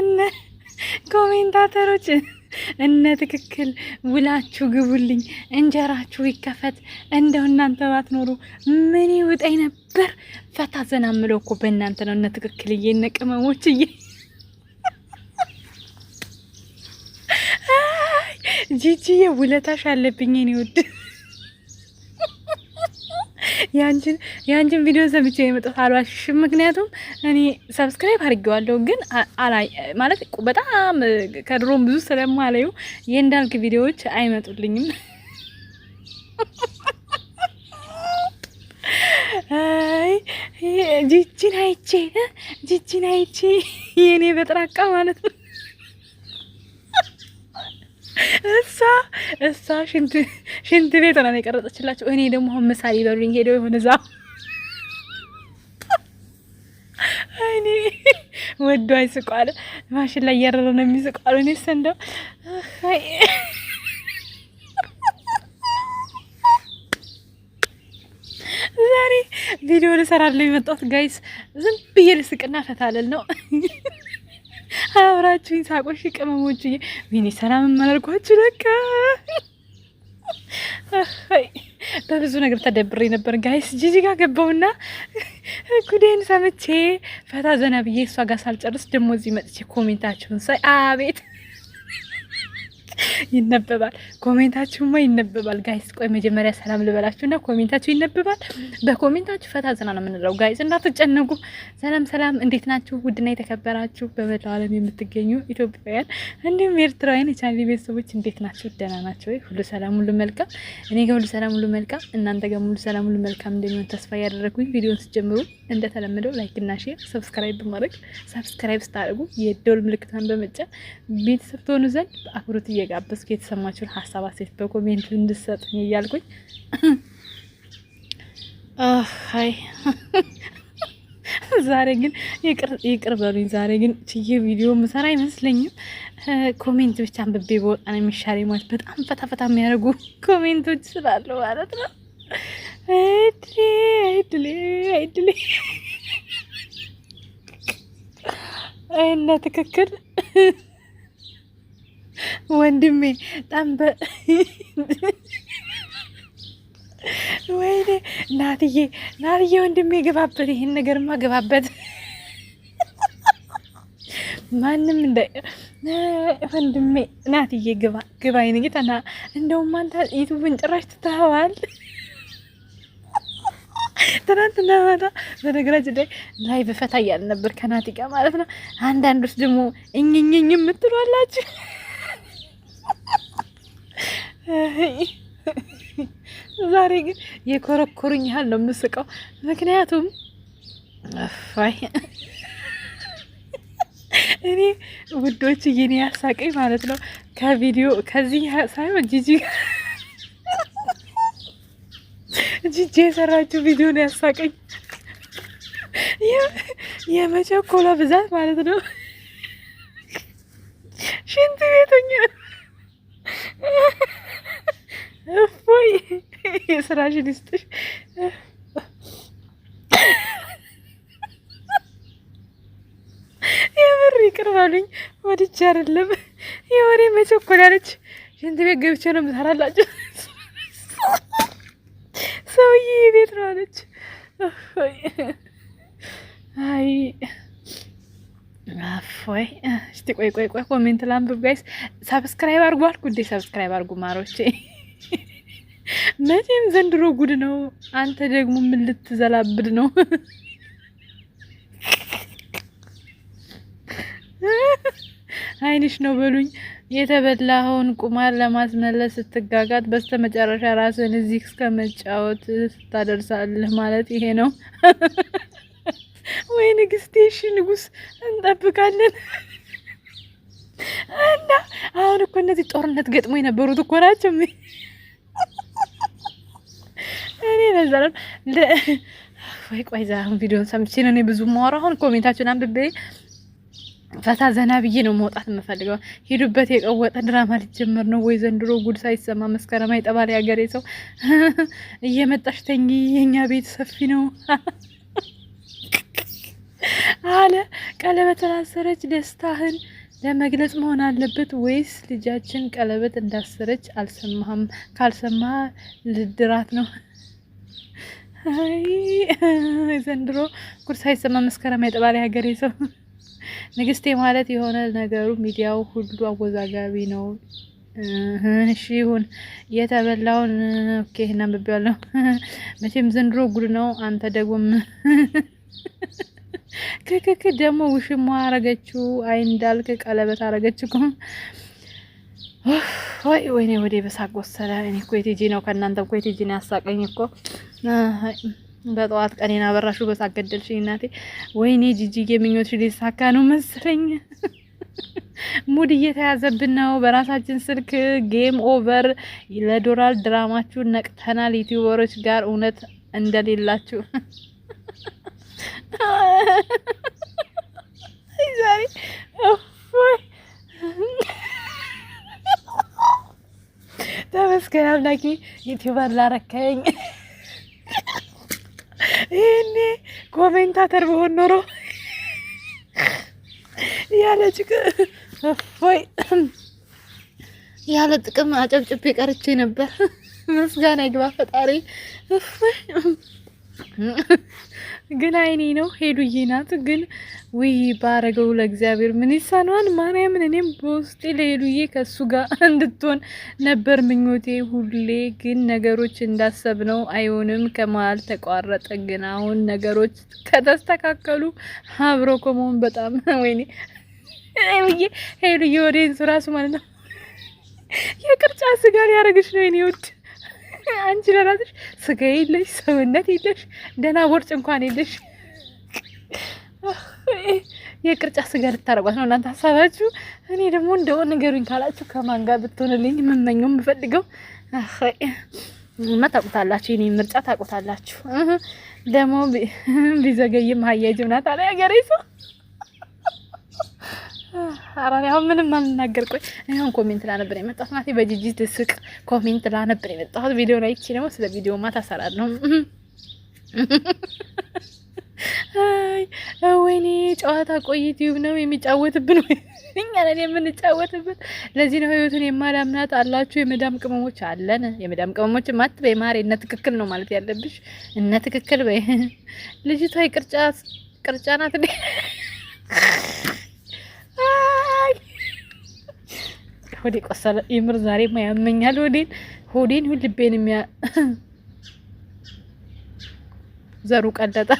እነ ኮሜንታተሮች እነ ትክክል ውላችሁ ግቡልኝ፣ እንጀራችሁ ይከፈት። እንደው እናንተ ባትኖሩ ምን ይውጠኝ ነበር? ፈታ ዘና ምለው እኮ በእናንተ ነው። እነ ትክክል እየ እነ ቅመሞች እየ ጂጂዬ ውለታሽ አለብኝ ኔ ውድ ያንቺን ቪዲዮ ሰምቼ የመጣሁት አልዋሽሽም። ምክንያቱም እኔ ሰብስክራይብ አድርጌዋለሁ፣ ግን አላይ ማለት በጣም ከድሮም ብዙ ስለማላዩ የእንዳልክ ቪዲዮዎች አይመጡልኝም። ጂጂን አይቼ ጂጂን አይቼ የእኔ በጥራቃ ማለት ነው እሷ እሷ ሽንት ሽንት ቤት ነው የቀረጸችላቸው። እኔ ደግሞ አሁን መሳሌ ሊበሉኝ ሄደው የሆነ እዛ እኔ ወዶ አይስቋል። ማሽን ላይ እያረረ ነው የሚስቋል። እኔ ሰንደው ዛሬ ቪዲዮ ልሰራለሁ የመጣሁት ጋይስ፣ ዝም ብዬ ልስቅና ፈታለል ነው አብራችሁኝ ሳቆሽ ቅመሞች። ወይኔ ሰላም አላልኳችሁ ለካ በብዙ ነገር ተደብሬ ነበር ጋይስ። ጂጂ ጋር ገባውና ጉዴን ሰምቼ ፈታ ዘና ብዬ እሷ ጋር ሳልጨርስ ደግሞ እዚህ መጥቼ ኮሜንታችሁን ሳይ አቤት ይነበባል። ኮሜንታችሁማ ይነበባል ጋይስ። ቆይ መጀመሪያ ሰላም ልበላችሁና ኮሜንታችሁ ይነበባል። በኮሜንታችሁ ፈታ ዘና ነው የምንለው ጋይስ፣ እንዳትጨነቁ። ሰላም ሰላም፣ እንዴት ናችሁ? ውድና የተከበራችሁ በመላው ዓለም የምትገኙ ኢትዮጵያውያን እንዲሁም ኤርትራውያን የቻናሌ ቤተሰቦች እንዴት ናችሁ? ደህና ናቸው ወይ? ሁሉ ሰላም፣ ሁሉ መልካም። እኔ ጋር ሁሉ ሰላም፣ ሁሉ መልካም። እናንተ ጋር ሁሉ ሰላም፣ ሁሉ መልካም እንደሚሆን ተስፋ እያደረግኩኝ ቪዲዮን ስጀምሩ እንደተለመደው ላይክና ሼር ሰብስክራይብ በማድረግ ሰብስክራይብ ስታደርጉ የደወል ምልክቷን በመጫን ቤተሰብ ትሆኑ ዘንድ አክብሮት እየጋባ እስኪ የተሰማችሁን ሀሳብ አሴት በኮሜንት እንድሰጡኝ እያልኩኝ አይ ዛሬ ግን ይቅር በሉኝ። ዛሬ ግን ችዬ ቪዲዮ ምሰራ አይመስለኝም። ኮሜንት ብቻ አንብቤ በወጣ ነው የሚሻለኝ ማለት በጣም ፈታፈታ ፈታ የሚያደርጉ ኮሜንቶች ስላሉ ማለት ነው። አይድሌ አይድሌ አይድሌ እና ትክክል ወንድሜ ጠንበ ወይኔ ናትዬ ናትዬ ወንድሜ ገባበት፣ ይሄን ነገርማ ገባበት። ማንም እንደ ወንድሜ ናትዬ ግባ ግባ። እንደውም አንተ ዩቱብን ጭራሽ ትተኸዋል። ትናንትና ማታ በነገራችን ላይ ላይቭ እያልን ነበር ከናቲ ጋር ማለት ነው። አንዳንዶች ደግሞ እኝኝኝ የምትሉ ዛሬ ግን የኮረኮሩኝ ያህል ነው የምስቀው። ምክንያቱም አፋይ እኔ ውዶች እየኔ ያሳቀኝ ማለት ነው ከቪዲዮ ከዚህ ሳይሆን ጂጂ ጂጂ የሰራችው ቪዲዮ ነው ያሳቀኝ። የመቸኮሏ ብዛት ማለት ነው ሽንት ቤቶኛ እፎይ የስራሽን ይስጥሽ። የምር ይቅር ባሉኝ ወድጄ አይደለም። የወሬ መቸኮላለች። ሽንት ቤት ገብቼ ነው የምሰራላችሁ ሰውዬ ቤት ነው አለች። አይ አፎይ እስቲ ቆይ ቆይ ቆይ ኮሜንት ላንብብ ጋይስ። ሰብስክራይብ አድርጉ አልኩ እንዴ? ሰብስክራይብ አድርጉ ማሮቼ። መቼም ዘንድሮ ጉድ ነው። አንተ ደግሞ ምን ልትዘላብድ ነው? አይንሽ ነው በሉኝ። የተበላኸውን ቁማር ለማስመለስ ስትጋጋት በስተመጨረሻ ራስን እዚህ እስከ መጫወት ስታደርሳለህ ማለት ይሄ ነው ወይ? ንግስቴ፣ እሺ ንጉስ፣ እንጠብቃለን። እና አሁን እኮ እነዚህ ጦርነት ገጥሞ የነበሩት እኮ ናቸው። እኔ ነዛለን ወይ ቆይ፣ ዛ ቪዲዮ ሰምቼ ነው እኔ ብዙ ማወራ። አሁን ኮሜንታችሁን አንብቤ ፈታ ዘና ብዬ ነው መውጣት የምፈልገው። ሂዱበት፣ የቀወጠ ድራማ ሊጀምር ነው ወይ ዘንድሮ? ጉድ ሳይሰማ መስከረም አይጠባል። ያገሬ ሰው እየመጣሽ ተኝ፣ የኛ ቤት ሰፊ ነው አለ። ቀለበት ላሰረች ደስታህን ለመግለጽ መሆን አለበት ወይስ ልጃችን ቀለበት እንዳሰረች አልሰማህም? ካልሰማ ልድራት ነው ዘንድሮ ጉርስ አይሰማ መስከረም ያጠባል ሀገሬ ሰው ንግስቴ ማለት የሆነ ነገሩ ሚዲያው ሁሉ አወዛጋቢ ነው። እሺ ይሁን። የተበላውን ኦኬ እናንብቤዋለሁ። መቼም ዘንድሮ ጉድ ነው። አንተ ደግሞም ክክክ ደግሞ ውሽማ አረገችው። አይ እንዳልክ ቀለበት አረገች እኮ ወይ ወይኔ፣ ወደ በሳቅ ወሰደ። እኔ እኮ የቲጂ ነው ከእናንተም እኮ የቲጂ ነው ያሳቀኝ እኮ በጠዋት ቀኔን አበራሹ በሳገደልሽኝ እናቴ። ወይኔ ጂጂዬ ምኞትሽ ሊሳካ ነው መሰለኝ። ሙድ እየተያዘብን ነው። በራሳችን ስልክ ጌም ኦቨር። ለዶራል ድራማችሁ ነቅተናል። ዩቲዩበሮች ጋር እውነት እንደሌላችሁ ተመስገን አምላኬ ዩቲዩበር ላረከኝ። ወይኔ ኮሜንታተር በሆን ኖሮ ያለ ወይ ያለ ጥቅም አጨብጭቤ ቀርቼ ነበር። ምስጋና ይግባ ፈጣሪ። ግን አይኔ ነው ሄዱዬ ናት። ግን ውይ ባረገው ለእግዚአብሔር ምን ይሳነዋል? ማርያምን እኔም በውስጤ ለሄዱዬ ከሱ ጋር እንድትሆን ነበር ምኞቴ ሁሌ። ግን ነገሮች እንዳሰብ ነው አይሆንም፣ ከመሀል ተቋረጠ። ግን አሁን ነገሮች ከተስተካከሉ አብሮ ከመሆን በጣም ወይኔ ሄዱዬ ሄዱዬ ወደ እራሱ ማለት ነው የቅርጫ ስጋ ሊያደርግሽ ነው ኔ ውድ አንቺ ለራስሽ ስጋ የለሽ፣ ሰውነት የለሽ፣ ደህና ቦርጭ እንኳን የለሽ። የቅርጫ ስጋ ልታረጓት ነው እናንተ ሀሳባችሁ። እኔ ደግሞ እንደው ንገሩኝ ካላችሁ ከማን ጋር ብትሆንልኝ የምመኘው የምፈልገው እና ታውቁታላችሁ። የኔ ምርጫ ታውቁታላችሁ። ደግሞ ቢዘገይም ሀያጅ ምናት አለ ያገሬ ሰው አራኒ አሁን ምንም አልናገር። ቆይ አሁን ኮሜንት ላነብር የመጣሁት ማለቴ በጂጂ ትስቅ ኮሜንት ላነብር የመጣሁት ቪዲዮ ላይ ይቺ ደግሞ ስለ ቪዲዮ ማታ እሰራለሁ። ወይኔ ጨዋታ ቆይ ዩቲዩብ ነው የሚጫወትብን እኛ ነን የምንጫወትበት። ለዚህ ነው ህይወቱን የማላምናት አላችሁ። የመዳም ቅመሞች አለን። የመዳም ቅመሞች ማት በማር እነ ትክክል ነው ማለት ያለብሽ እነ ትክክል በይ። ልጅቷ የቅርጫ ቅርጫ ናት እንዴ? ሆዴ ቆሰለ። የምር ዛሬ ያመኛል ሆዴን ሆዴን ይሁን ልቤን የሚያ ዘሩ ቀለጠ።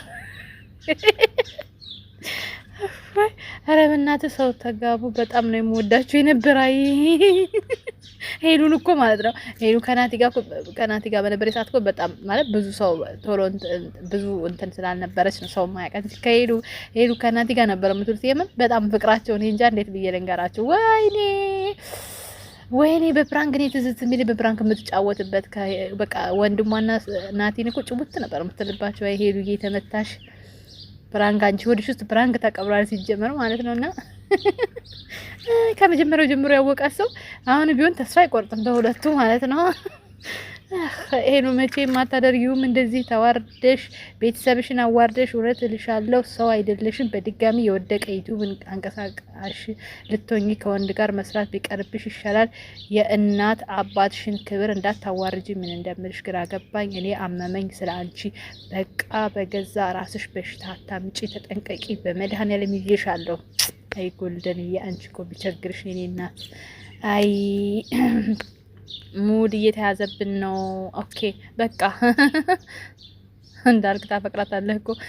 ኧረ በእናትህ ሰው ተጋቡ። በጣም ነው የምወዳችሁ የነበረ ሄሉን እኮ ማለት ነው። ሄሉ ከናቲ ጋር ከናቲ ጋር በነበረ ሰዓት እኮ በጣም ማለት ብዙ ሰው ቶሎ ብዙ እንትን ስላልነበረች ነው ሰው ማያቀን ከሄሉ ሄሉ ከናቲ ጋር ነበረ የምትሉት የምን በጣም ፍቅራቸውን እንጃ እንዴት ብዬ ልንገራችሁ ወይኔ ወይኔ በፕራንክ እኔ ትዝት የሚል በፕራንክ የምትጫወትበት በቃ ወንድሟና ናቲን እኮ ጭቡት ነበር የምትልባቸው። ይሄ ሄዱ የተመታሽ ፕራንክ አንቺ ወደሽ ውስጥ ፕራንክ ተቀብሯል ሲጀመር ማለት ነው። እና ከመጀመሪያው ጀምሮ ያወቃት ሰው አሁን ቢሆን ተስፋ አይቆርጥም በሁለቱ ማለት ነው። ይሄ ነው መቼም እንደዚህ ተዋርደሽ ቤተሰብሽን አዋርደሽ፣ እውነት እልሻለሁ ሰው አይደለሽም። በድጋሚ የወደቀ ዩቲዩብ አንቀሳቃሽ ልትሆኚ ከወንድ ጋር መስራት ቢቀርብሽ ይሻላል። የእናት አባትሽን ክብር እንዳታዋርጂ። ምን እንደምልሽ ግራ ገባኝ። እኔ አመመኝ ስለ አንቺ። በቃ በገዛ ራስሽ በሽታ አታምጪ፣ ተጠንቀቂ። በመድኃኔዓለም ይዤሻለሁ። አይ ጎልደን፣ የአንቺ እኮ ቢቸግርሽ የኔ እናት አይ ሙድ እየተያዘብን ነው። ኦኬ በቃ እንዳልክ ታፈቅራታለህ እኮ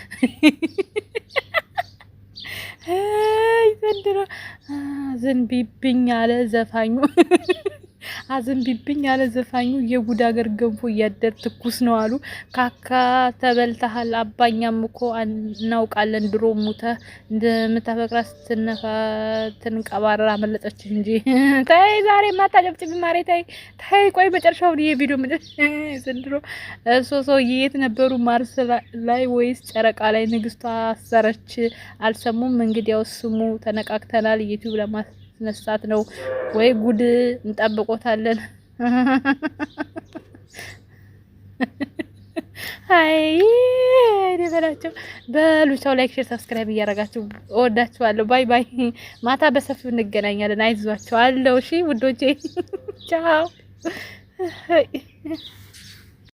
ዘንድሮ ዝንቢብኝ አለ ዘፋኙ። አዘንቢብኝ አለ ዘፋኙ። የጉድ አገር ገንፎ እያደር ትኩስ ነው አሉ ካካ ተበልተሃል። አባኛም እኮ እናውቃለን ድሮ ሙተ እንደምታፈቅራ ስትነፋ ትንቀባረር አመለጠች እንጂ። ታይ ዛሬ ማታጨብጭብ ማሬ ታይ ታይ። ቆይ መጨረሻውን ይሄ ቪዲዮ ዘንድሮ እሶ ሰው የት ነበሩ? ማርስ ላይ ወይስ ጨረቃ ላይ? ንግስቷ አሰረች። አልሰሙም። እንግዲያው ስሙ ተነቃቅተናል ዩቲዩብ ለማስ ልታስነሳት ነው ወይ? ጉድ እንጠብቆታለን። አይ ደበላቸው በላቸው። በሉ ቻው። ላይክ፣ ሼር፣ ሰብስክራይብ እያደረጋችሁ እወዳችኋለሁ። ባይ ባይ። ማታ በሰፊው እንገናኛለን። አይዟችኋለሁ። እሺ ውዶቼ ቻው።